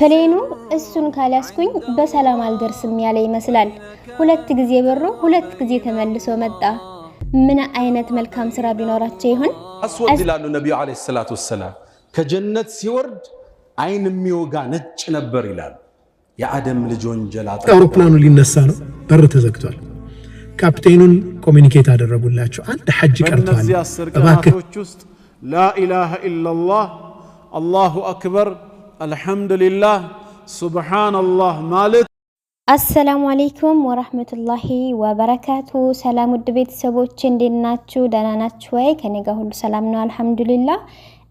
ፕሌኑ እሱን ካሊያስኩኝ በሰላም አልደርስም ያለ ይመስላል። ሁለት ጊዜ በሮ ሁለት ጊዜ ተመልሶ መጣ። ምን አይነት መልካም ስራ ቢኖራቸው ይሆን? አስወድ ነቢዩ ዓለይሂ ሰላቱ ወሰላም። ከጀነት ሲወርድ አይን የሚወጋ ነጭ ነበር ይላሉ። የአደም ልጅ ወንጀል አውሮፕላኑ ሊነሳ ነው። በር ተዘግቷል። ካፕቴኑን ኮሚኒኬት አደረጉላቸው። አንድ ሐጅ ቀርተዋል። በባክህ ውስጥ ላኢላሃ ኢለላህ አላሁ አክበር አልሐምዱሊላህ፣ ሱብሓነላህ ማለት አሰላሙ አሌይኩም ወራህመቱላሂ ወበረካቱ። ሰላም ውድ ቤተሰቦች እንዴት ናችሁ? ደህና ናችሁ ወይ? ከኔ ጋር ሁሉ ሰላም ነው አልሐምዱሊላ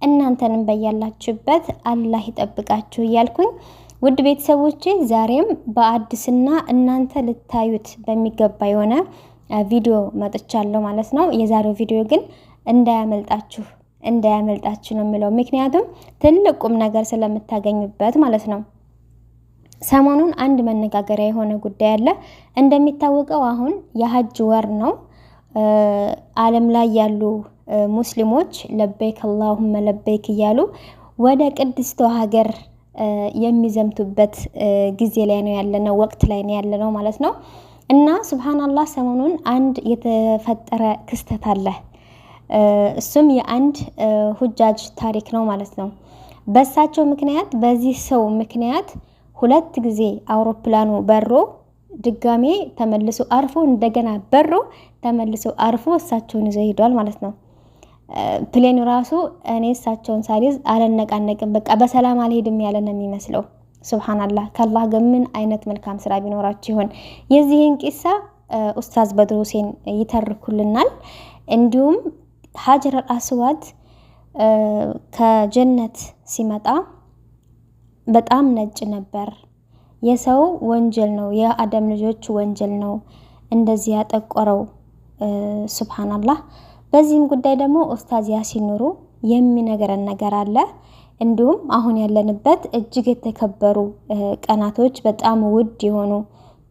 እናንተንም በያላችሁበት አላህ ይጠብቃችሁ እያልኩኝ ውድ ቤተሰቦች ዛሬም በአዲስና እናንተ ልታዩት በሚገባ የሆነ ቪዲዮ መጥቻለሁ ማለት ነው። የዛሬው ቪዲዮ ግን እንዳያመልጣችሁ እንዳያመልጣችሁ ነው የሚለው ምክንያቱም ትልቅ ቁም ነገር ስለምታገኙበት ማለት ነው። ሰሞኑን አንድ መነጋገሪያ የሆነ ጉዳይ አለ። እንደሚታወቀው አሁን የሀጅ ወር ነው። ዓለም ላይ ያሉ ሙስሊሞች ለበይክ አላሁመ ለበይክ እያሉ ወደ ቅድስቷ ሀገር የሚዘምቱበት ጊዜ ላይ ነው ያለነው፣ ወቅት ላይ ነው ያለነው ማለት ነው። እና ሱብሃናላህ ሰሞኑን አንድ የተፈጠረ ክስተት አለ። እሱም የአንድ ሁጃጅ ታሪክ ነው ማለት ነው። በሳቸው ምክንያት በዚህ ሰው ምክንያት ሁለት ጊዜ አውሮፕላኑ በሮ ድጋሜ ተመልሶ አርፎ እንደገና በሮ ተመልሶ አርፎ እሳቸውን ይዘው ሄዷል ማለት ነው። ፕሌኑ ራሱ እኔ እሳቸውን ሳልይዝ አልነቃነቅም፣ በቃ በሰላም አልሄድም ያለ ነው የሚመስለው። ሱብሃናላህ ከአላህ ግን ምን አይነት መልካም ስራ ቢኖራቸው ይሆን? የዚህን ቂሳ ኡስታዝ በድሩ ሁሴን ይተርኩልናል። እንዲሁም ሀጀር አስዋድ ከጀነት ሲመጣ በጣም ነጭ ነበር። የሰው ወንጀል ነው፣ የአደም ልጆች ወንጀል ነው እንደዚህ ያጠቆረው። ሱብሃናላህ። በዚህም ጉዳይ ደግሞ ኡስታዝ ያሲን ኑሩ የሚነገረን ነገር አለ። እንዲሁም አሁን ያለንበት እጅግ የተከበሩ ቀናቶች፣ በጣም ውድ የሆኑ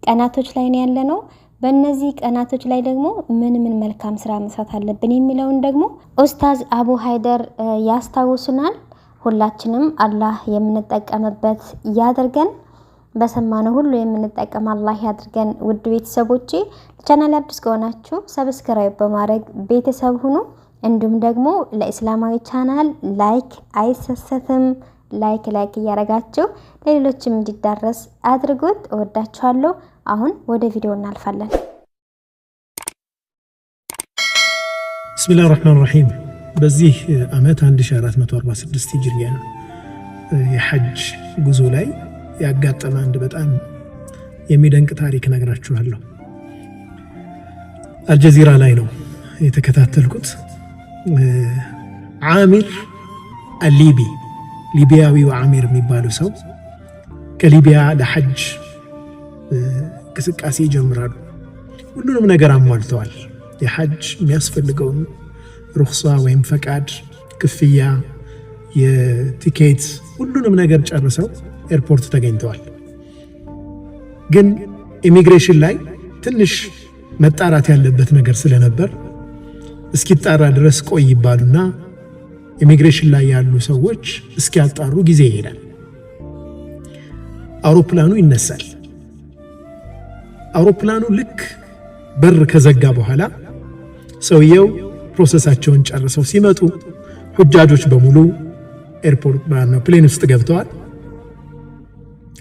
ቀናቶች ላይ ነው ያለነው። በእነዚህ ቀናቶች ላይ ደግሞ ምን ምን መልካም ስራ መስራት አለብን የሚለውን ደግሞ ኡስታዝ አቡ ሀይደር ያስታውሱናል። ሁላችንም አላህ የምንጠቀምበት ያድርገን። በሰማነው ሁሉ የምንጠቀም አላህ ያድርገን። ውድ ቤተሰቦቼ ቻናል አዲስ ከሆናችሁ ሰብስክራይብ በማድረግ ቤተሰብ ሁኑ። እንዲሁም ደግሞ ለእስላማዊ ቻናል ላይክ አይሰሰትም። ላይክ ላይክ እያደረጋችሁ ለሌሎችም እንዲዳረስ አድርጉት። እወዳችኋለሁ። አሁን ወደ ቪዲዮ እናልፋለን። ብስሚላህ ራህማን ራሂም። በዚህ ዓመት 1446 ሂጅሪያ የሐጅ ጉዞ ላይ ያጋጠመ አንድ በጣም የሚደንቅ ታሪክ ነግራችኋለሁ። አልጀዚራ ላይ ነው የተከታተልኩት። ዓሚር አሊቢ ሊቢያዊው አሚር የሚባሉ ሰው ከሊቢያ ለሐጅ እንቅስቃሴ ይጀምራሉ። ሁሉንም ነገር አሟልተዋል። የሐጅ የሚያስፈልገውን ሩክሳ ወይም ፈቃድ፣ ክፍያ፣ የቲኬት ሁሉንም ነገር ጨርሰው ኤርፖርት ተገኝተዋል። ግን ኢሚግሬሽን ላይ ትንሽ መጣራት ያለበት ነገር ስለነበር እስኪጣራ ድረስ ቆይ ይባሉና ኢሚግሬሽን ላይ ያሉ ሰዎች እስኪያጣሩ ጊዜ ይሄዳል። አውሮፕላኑ ይነሳል። አውሮፕላኑ ልክ በር ከዘጋ በኋላ ሰውየው ፕሮሰሳቸውን ጨርሰው ሲመጡ ሁጃጆች በሙሉ ኤርፖርት ፕሌን ውስጥ ገብተዋል።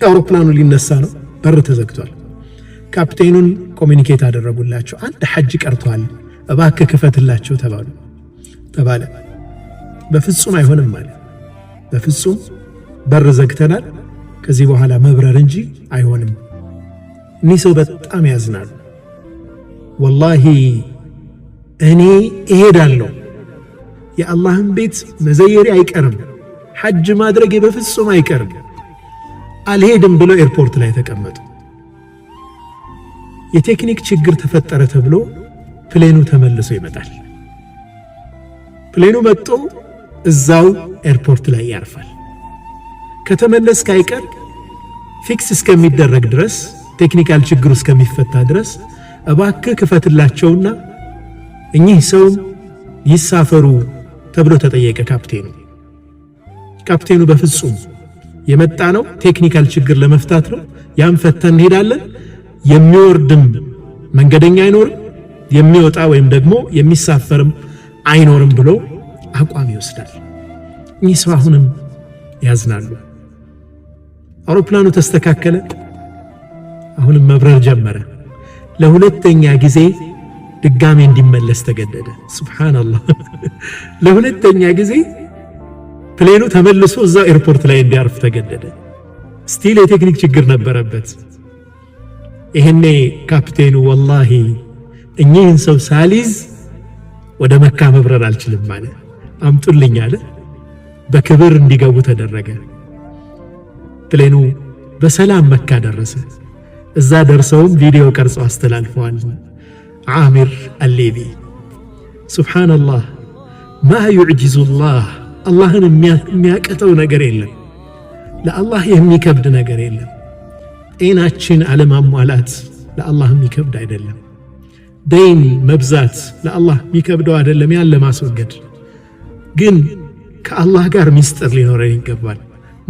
አውሮፕላኑ ሊነሳ ነው፣ በር ተዘግቷል። ካፕቴኑን ኮሚኒኬት አደረጉላቸው። አንድ ሐጅ ቀርቷል፣ እባክህ ክፈትላቸው ተባሉ ተባለ። በፍጹም አይሆንም ማለት በፍጹም በር ዘግተናል፣ ከዚህ በኋላ መብረር እንጂ አይሆንም። እኒህ ሰው በጣም ያዝናል ወላሂ እኔ እሄዳለሁ፣ የአላህን ቤት መዘየሬ አይቀርም፣ ሐጅ ማድረጌ በፍጹም አይቀርም፣ አልሄድም ብለው ኤርፖርት ላይ ተቀመጡ። የቴክኒክ ችግር ተፈጠረ ተብሎ ፕሌኑ ተመልሶ ይመጣል። ፕሌኑ መጥቶ እዛው ኤርፖርት ላይ ያርፋል። ከተመለስ ካይቀር ፊክስ እስከሚደረግ ድረስ ቴክኒካል ችግሩ እስከሚፈታ ድረስ እባክህ ክፈትላቸውና እኚህ ሰውን ይሳፈሩ ተብሎ ተጠየቀ ካፕቴኑ። ካፕቴኑ በፍጹም የመጣ ነው ቴክኒካል ችግር ለመፍታት ነው፣ ያም ፈተን እንሄዳለን። የሚወርድም መንገደኛ አይኖርም፣ የሚወጣ ወይም ደግሞ የሚሳፈርም አይኖርም ብሎ አቋም ይወስዳል። እኚህ ሰው አሁንም ያዝናሉ። አውሮፕላኑ ተስተካከለ። አሁንም መብረር ጀመረ። ለሁለተኛ ጊዜ ድጋሜ እንዲመለስ ተገደደ። ሱብሓነላህ። ለሁለተኛ ጊዜ ፕሌኑ ተመልሶ እዛው ኤርፖርት ላይ እንዲያርፍ ተገደደ። ስቲል የቴክኒክ ችግር ነበረበት። ይህኔ ካፕቴኑ ወላሂ እኚህን ሰው ሳሊዝ ወደ መካ መብረር አልችልም ማለት አምጡልኝ አለ። በክብር እንዲገቡ ተደረገ። ፕሌኑ በሰላም መካ ደረሰ። እዛ ደርሰውም ቪዲዮ ቀርጸው አስተላልፈዋል። ዓሚር አሌቪ ሱብሓነላህ ማ ዩዕጅዙላህ አላህን የሚያቀተው ነገር የለም። ለአላህ የሚከብድ ነገር የለም። ጤናችን አለማሟላት ለአላህ የሚከብድ አይደለም። ደይን መብዛት ለአላህ የሚከብደው አይደለም። ያን ለማስወገድ ግን ከአላህ ጋር ሚስጥር ሊኖረን ይገባል።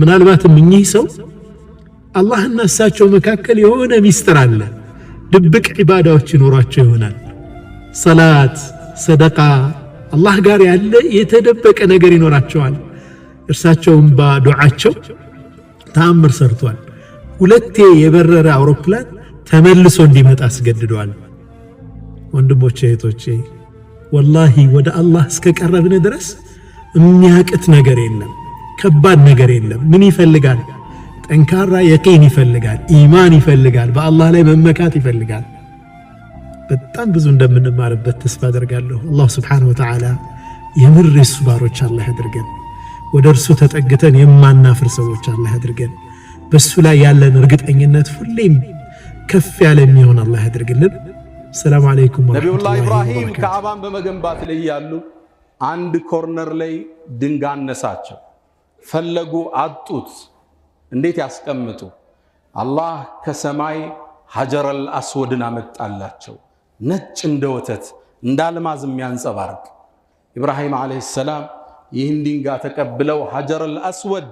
ምናልባትም እኚህ ሰው አላህና እሳቸው መካከል የሆነ ሚስጥር አለ። ድብቅ ዒባዳዎች ይኖሯቸው ይሆናል። ሰላት፣ ሰደቃ፣ አላህ ጋር ያለ የተደበቀ ነገር ይኖራቸዋል። እርሳቸውም በዱዓቸው ተአምር ሰርቷል። ሁለቴ የበረረ አውሮፕላን ተመልሶ እንዲመጣ አስገድደዋል። ወንድሞቼ እህቶቼ፣ ወላሂ ወደ አላህ እስከ ቀረብን ድረስ የሚያቅት ነገር የለም፣ ከባድ ነገር የለም። ምን ይፈልጋል? ጠንካራ የቂን ይፈልጋል፣ ኢማን ይፈልጋል፣ በአላህ ላይ መመካት ይፈልጋል። በጣም ብዙ እንደምንማርበት ተስፋ አደርጋለሁ። አላህ ስብሓነሁ ወተዓላ የምር ሱባሮች ባሮች አላህ ያድርገን። ወደ እርሱ ተጠግተን የማናፍር ሰዎች አላህ ያድርገን። በሱ ላይ ያለን እርግጠኝነት ሁሌም ከፍ ያለ የሚሆን አላህ ያድርግልን። ሰላም አለይኩም። ነቢዩላህ ኢብራሂም ከዓባን በመገንባት ላይ ያሉ አንድ ኮርነር ላይ ድንጋይ አነሳቸው። ፈለጉ አጡት። እንዴት ያስቀምጡ? አላህ ከሰማይ ሀጀረል አስወድን አመጣላቸው። ነጭ እንደ ወተት እንደ አልማዝ የሚያንጸባርቅ ኢብራሂም ዓለይሂ ሰላም ይህን ድንጋይ ተቀብለው ሀጀረል አስወድ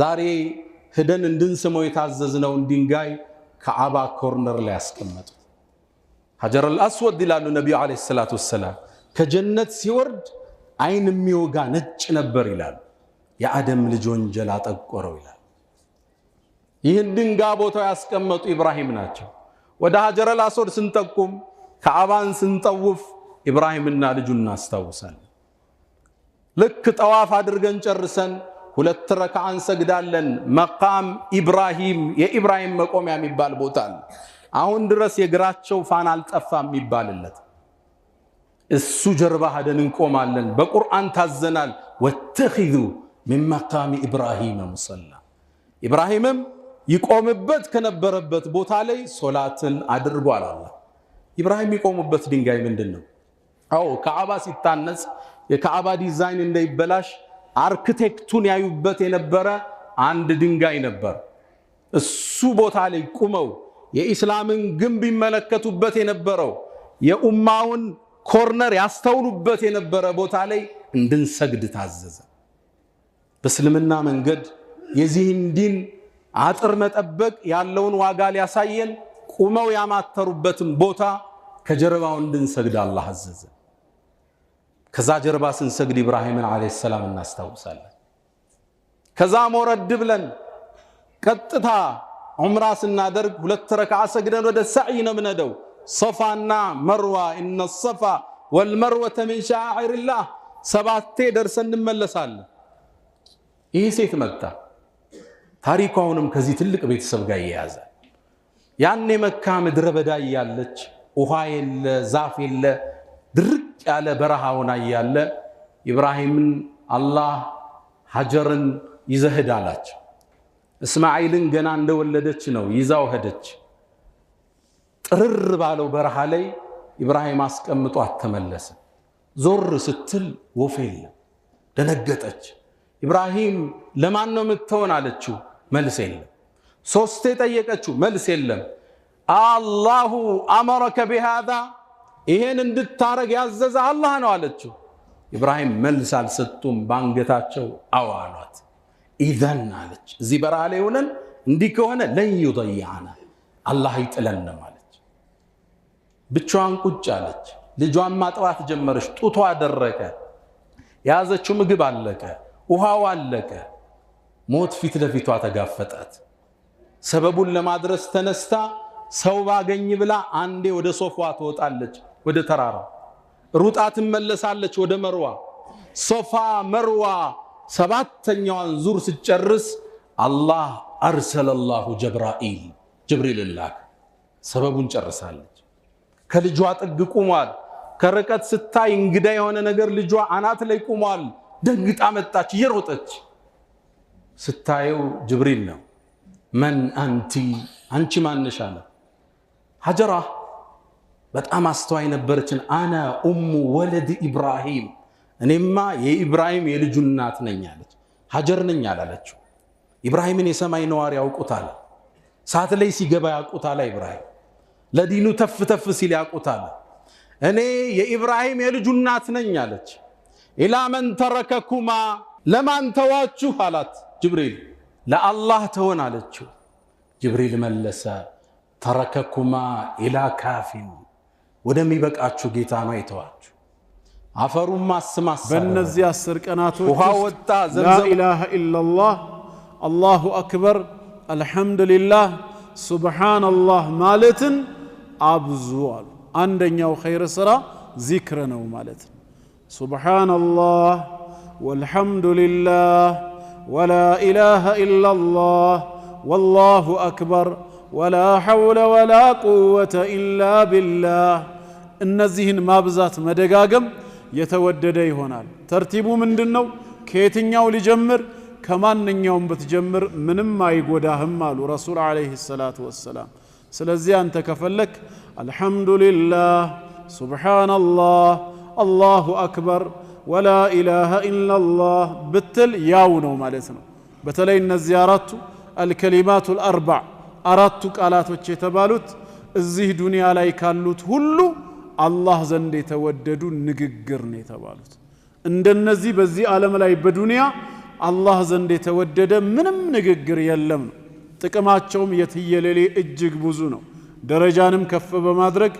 ዛሬ ህደን እንድንስመው የታዘዝነውን ድንጋይ ከአባ ኮርነር ላይ ያስቀመጡ። ሀጀረል አስወድ ይላሉ ነቢዩ ዓለይሂ ሰላቱ ወሰላም ከጀነት ሲወርድ አይን የሚወጋ ነጭ ነበር ይላል። የአደም ልጅ ወንጀል አጠቆረው ይላል። ይህን ድንጋ ቦታው ያስቀመጡ ኢብራሂም ናቸው። ወደ ሀጀረል አስወድ ስንጠቁም፣ ከአባን ስንጠውፍ ኢብራሂምና ልጁን እናስታውሳለን። ልክ ጠዋፍ አድርገን ጨርሰን ሁለት ረክዓ እንሰግዳለን። መቃም ኢብራሂም የኢብራሂም መቆሚያ የሚባል ቦታ አለ። አሁን ድረስ የእግራቸው ፋና አልጠፋ የሚባልለት እሱ ጀርባ ሀደን እንቆማለን። በቁርአን ታዘናል። ወተኪዙ ሚን መቃሚ ኢብራሂመ ሙሰላ ኢብራሂምም ይቆምበት ከነበረበት ቦታ ላይ ሶላትን አድርጓል። አላ ኢብራሂም ይቆሙበት ድንጋይ ምንድን ነው? አዎ ከዓባ ሲታነጽ የከዓባ ዲዛይን እንዳይበላሽ አርክቴክቱን ያዩበት የነበረ አንድ ድንጋይ ነበር። እሱ ቦታ ላይ ቁመው የኢስላምን ግንብ ይመለከቱበት የነበረው የኡማውን ኮርነር ያስተውሉበት የነበረ ቦታ ላይ እንድንሰግድ ታዘዘ። በእስልምና መንገድ የዚህን ዲን አጥር መጠበቅ ያለውን ዋጋ ሊያሳየን ቁመው ያማተሩበትን ቦታ ከጀርባው እንድንሰግድ አላህ አዘዘ። ከዛ ጀርባ ስንሰግድ ኢብራሂምን ዓለይሂ ሰላም እናስታውሳለን። ከዛ ሞረድ ብለን ቀጥታ ዑምራ ስናደርግ ሁለት ረክዓ ሰግደን ወደ ሰዕይ ነው የምንሄደው። ሶፋና መርዋ እነ ሶፋ ወልመርወተ ሚን ሸዓኢሪላህ ሰባቴ ደርሰን እንመለሳለን። ይህ ሴት መጣ። ታሪኩ አሁንም ከዚህ ትልቅ ቤተሰብ ጋር ይያያዛል። ያኔ መካ ምድረ በዳ እያለች ውሃ የለ፣ ዛፍ የለ፣ ድርቅ ያለ በረሃውና እያለ ኢብራሂምን አላህ ሀጀርን ይዘህድ አላቸው። እስማኤልን ገና እንደወለደች ነው ይዛው ሄደች። ጥርር ባለው በረሃ ላይ ኢብራሂም አስቀምጦ አተመለሰ። ዞር ስትል ወፍ የለም። ደነገጠች። ኢብራሂም ለማን ነው የምትሆን አለችው። መልስ የለም። ሶስቴ ጠየቀችው። መልስ የለም። አላሁ አመረከ ቢሃዛ ይሄን እንድታረግ ያዘዘ አላህ ነው አለችው። ኢብራሂም መልስ አልሰጡም። በአንገታቸው አዋሏት። ኢዘን አለች እዚህ በረሃ ላይ ሆነን እንዲህ ከሆነ ለን ዩደይዐና አላህ ይጥለንም ብቻዋን ቁጭ አለች። ልጇን ማጥባት ጀመረች። ጡቷ ደረቀ። የያዘችው ምግብ አለቀ። ውሃው አለቀ። ሞት ፊት ለፊቷ ተጋፈጣት። ሰበቡን ለማድረስ ተነስታ ሰው ባገኝ ብላ አንዴ ወደ ሶፏ ትወጣለች፣ ወደ ተራራ ሩጣ ትመለሳለች፣ ወደ መርዋ ሶፋ መርዋ። ሰባተኛዋን ዙር ስጨርስ አላህ አርሰለላሁ ጀብራኢል ጅብሪል ላክ። ሰበቡን ጨርሳለች። ከልጇ ጥግ ቁሟል። ከርቀት ስታይ እንግዳ የሆነ ነገር ልጇ አናት ላይ ቁሟል። ደንግጣ መጣች እየሮጠች ስታየው ጅብሪል ነው። መን አንቲ አንቺ ማንሽ አለ። ሀጀራ በጣም አስተዋይ ነበረችን። አነ ኡሙ ወለድ ኢብራሂም እኔማ የኢብራሂም የልጁ እናት ነኝ አለች። ሀጀር ነኝ አላለችው። ኢብራሂምን የሰማይ ነዋሪ ያውቁታል። ሰዓት ላይ ሲገባ ያውቁታል ኢብራሂም ለዲኑ ተፍ ተፍ ሲል ያውቁታል። እኔ የኢብራሂም የልጁ እናት ነኝ አለች። ኢላ መን ተረከኩማ ለማን ተዋችሁ አላት ጅብሪል። ለአላህ ተሆን አለችው። ጅብሪል መለሰ ተረከኩማ ኢላ ካፊን ወደሚበቃችሁ ጌታ ነው የተዋችሁ። አፈሩም ማስማሳ በእነዚህ አስር ቀናቶች ውሃ ወጣ። ላኢላሃ ኢላላህ፣ አላሁ አክበር፣ አልሐምዱሊላህ፣ ሱብሓነላህ ማለትን አብዙ አሉ። አንደኛው ኸይር ስራ ዚክር ነው ማለት ነው። ሱብሓነላህ ወልሐምዱሊላህ ወላ ኢላሃ ኢላላህ ወላሁ አክበር ወላ ሐውለ ወላ ቁወተ ኢላ ቢላህ። እነዚህን ማብዛት መደጋገም የተወደደ ይሆናል። ተርቲቡ ምንድን ነው? ከየትኛው ሊጀምር? ከማንኛውም ብትጀምር ምንም አይጎዳህም አሉ ረሱል ዓለይሂ ሰላቱ ወሰላም። ስለዚህ አንተ ከፈለክ አልሐምዱሊላህ ሱብሓነላህ አላሁ አክበር ወላ ኢላሃ ኢላላህ ብትል ያው ነው ማለት ነው በተለይ እነዚህ አራቱ አልከሊማቱ ልአርባዕ አራቱ ቃላቶች የተባሉት እዚህ ዱንያ ላይ ካሉት ሁሉ አላህ ዘንድ የተወደዱ ንግግር ነው የተባሉት እንደነዚህ በዚህ ዓለም ላይ በዱንያ አላህ ዘንድ የተወደደ ምንም ንግግር የለም ነው ጥቅማቸውም የትየሌሌ እጅግ ብዙ ነው። ደረጃንም ከፍ በማድረግ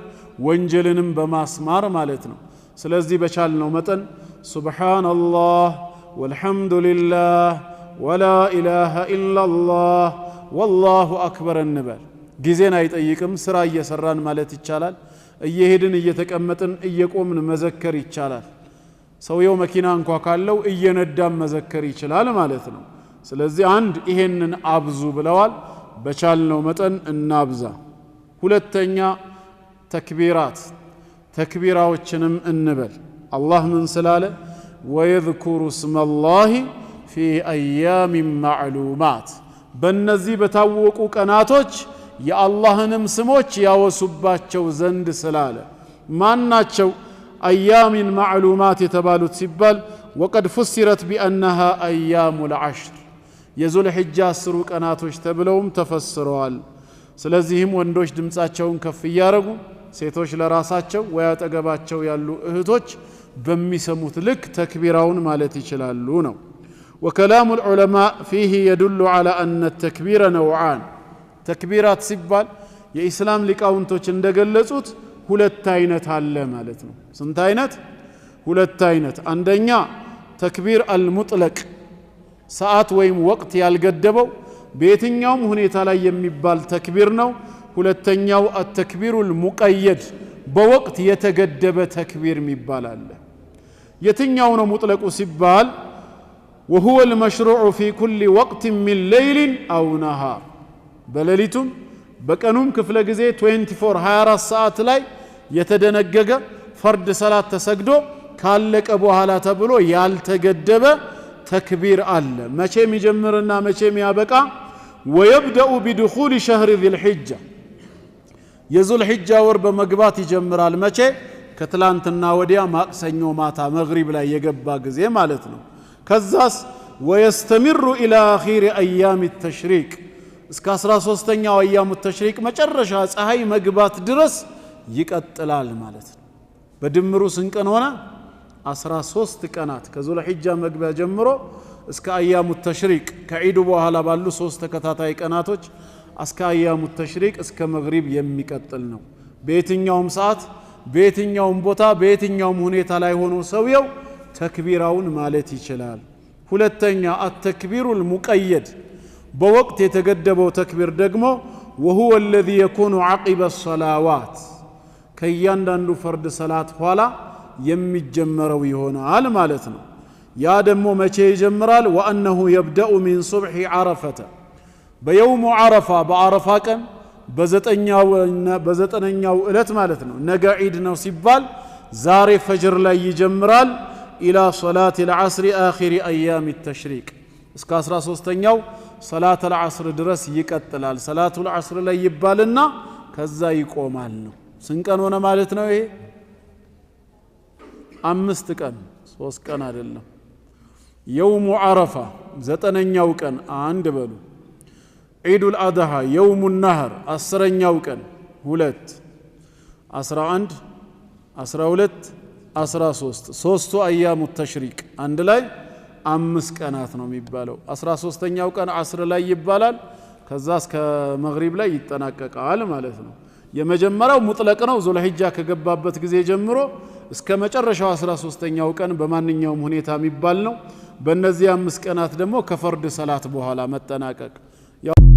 ወንጀልንም በማስማር ማለት ነው። ስለዚህ በቻልነው መጠን ሱብሓነላህ ወልሐምዱሊላህ ወላ ኢላሃ ኢላላህ ወላሁ አክበር እንበል። ጊዜን አይጠይቅም። ስራ እየሰራን ማለት ይቻላል። እየሄድን እየተቀመጥን እየቆምን መዘከር ይቻላል። ሰውየው መኪና እንኳ ካለው እየነዳም መዘከር ይችላል ማለት ነው። ስለዚህ አንድ ይሄንን አብዙ ብለዋል። በቻልነው መጠን እናብዛ። ሁለተኛ ተክቢራት ተክቢራዎችንም እንበል። አላህ ምን ስላለ ወየዝኩሩ ስመላሂ ፊ አያሚን ማዕሉማት፣ በእነዚህ በታወቁ ቀናቶች የአላህንም ስሞች ያወሱባቸው ዘንድ ስላለ። ማናቸው አያሚን ማዕሉማት የተባሉት ሲባል ወቀድ ፉሲረት ቢአነሃ አያሙ ልዓሽር የዙልሕጃ አስሩ ቀናቶች ተብለውም ተፈስረዋል። ስለዚህም ወንዶች ድምፃቸውን ከፍ እያደረጉ ሴቶች ለራሳቸው ወይ አጠገባቸው ያሉ እህቶች በሚሰሙት ልክ ተክቢራውን ማለት ይችላሉ ነው። ወከላሙ ልዑለማ ፊህ የዱሉ ዓላ አነ ተክቢረ ነውዓን ተክቢራት ሲባል የኢስላም ሊቃውንቶች እንደገለጹት ሁለት አይነት አለ ማለት ነው። ስንት አይነት? ሁለት አይነት። አንደኛ ተክቢር አልሙጥለቅ ሰዓት ወይም ወቅት ያልገደበው በየትኛውም ሁኔታ ላይ የሚባል ተክቢር ነው። ሁለተኛው አተክቢሩል ሙቀየድ በወቅት የተገደበ ተክቢር የሚባል አለ። የትኛው ነው ሙጥለቁ ሲባል ወሁወ ልመሽሩዑ ፊ ኩል ወቅት ሚን ለይሊን አው ነሃር በሌሊቱም በቀኑም ክፍለ ጊዜ 24 24 ሰዓት ላይ የተደነገገ ፈርድ ሰላት ተሰግዶ ካለቀ በኋላ ተብሎ ያልተገደበ ተክቢር አለ። መቼ የሚጀምርና መቼ የሚያበቃ ወየብደኡ ቢድኹል ሸህር ዚልሕጃ የዙልሕጃ ወር በመግባት ይጀምራል። መቼ ከትላንትና ወዲያ ማቅሰኞ ማታ መግሪብ ላይ የገባ ጊዜ ማለት ነው። ከዛስ ወየስተሚሩ ኢላ አኺሪ አያም ተሽሪቅ እስከ 13ተኛው አያሙ ተሽሪቅ መጨረሻ ፀሐይ መግባት ድረስ ይቀጥላል ማለት ነው። በድምሩ ስንቅን ሆነ 13 ቀናት ከዙልሒጃ መግቢያ ጀምሮ እስከ አያሙ ተሽሪቅ ከዒዱ በኋላ ባሉ ሶስት ተከታታይ ቀናቶች እስከ አያሙ ተሽሪቅ እስከ መግሪብ የሚቀጥል ነው። በየትኛውም ሰዓት፣ በየትኛውም ቦታ፣ በየትኛውም ሁኔታ ላይ ሆኖ ሰውየው ተክቢራውን ማለት ይችላል። ሁለተኛ አተክቢሩ ልሙቀየድ በወቅት የተገደበው ተክቢር ደግሞ ወሁወ ለዚ የኩኑ ዓቂበ ሰላዋት ከእያንዳንዱ ፈርድ ሰላት ኋላ የሚጀመረው ይሆናል ማለት ነው። ያ ደግሞ መቼ ይጀምራል? ወአነሁ የብደኡ ሚን ሱብሒ ዓረፈተ በየውሙ ዓረፋ በአረፋ ቀን በዘጠነኛው ዕለት ማለት ነው። ነገ ዒድ ነው ሲባል ዛሬ ፈጅር ላይ ይጀምራል። ኢላ ሰላት ልዓስሪ አኺሪ አያም ተሽሪቅ እስከ 13ተኛው ሰላት ልዓስር ድረስ ይቀጥላል። ሰላቱ ልዓስር ላይ ይባልና ከዛ ይቆማል ነው። ስንት ሆነ ማለት ነው ይሄ አምስት ቀን ሶስት ቀን አይደለም። የውሙ አረፋ ዘጠነኛው ቀን አንድ በሉ። ዒዱል አድሃ የውሙ ናህር አስረኛው ቀን ሁለት፣ አስራ አንድ፣ አስራ ሁለት፣ አስራ ሶስት ሶስቱ አያሙ ተሽሪቅ አንድ ላይ አምስት ቀናት ነው የሚባለው። አስራ ሶስተኛው ቀን አስር ላይ ይባላል። ከዛ እስከ መግሪብ ላይ ይጠናቀቃል ማለት ነው። የመጀመሪያው ሙጥለቅ ነው። ዙልሂጃ ከገባበት ጊዜ ጀምሮ እስከ መጨረሻው አስራ ሶስተኛው ቀን በማንኛውም ሁኔታ የሚባል ነው። በእነዚህ አምስት ቀናት ደግሞ ከፈርድ ሰላት በኋላ መጠናቀቅ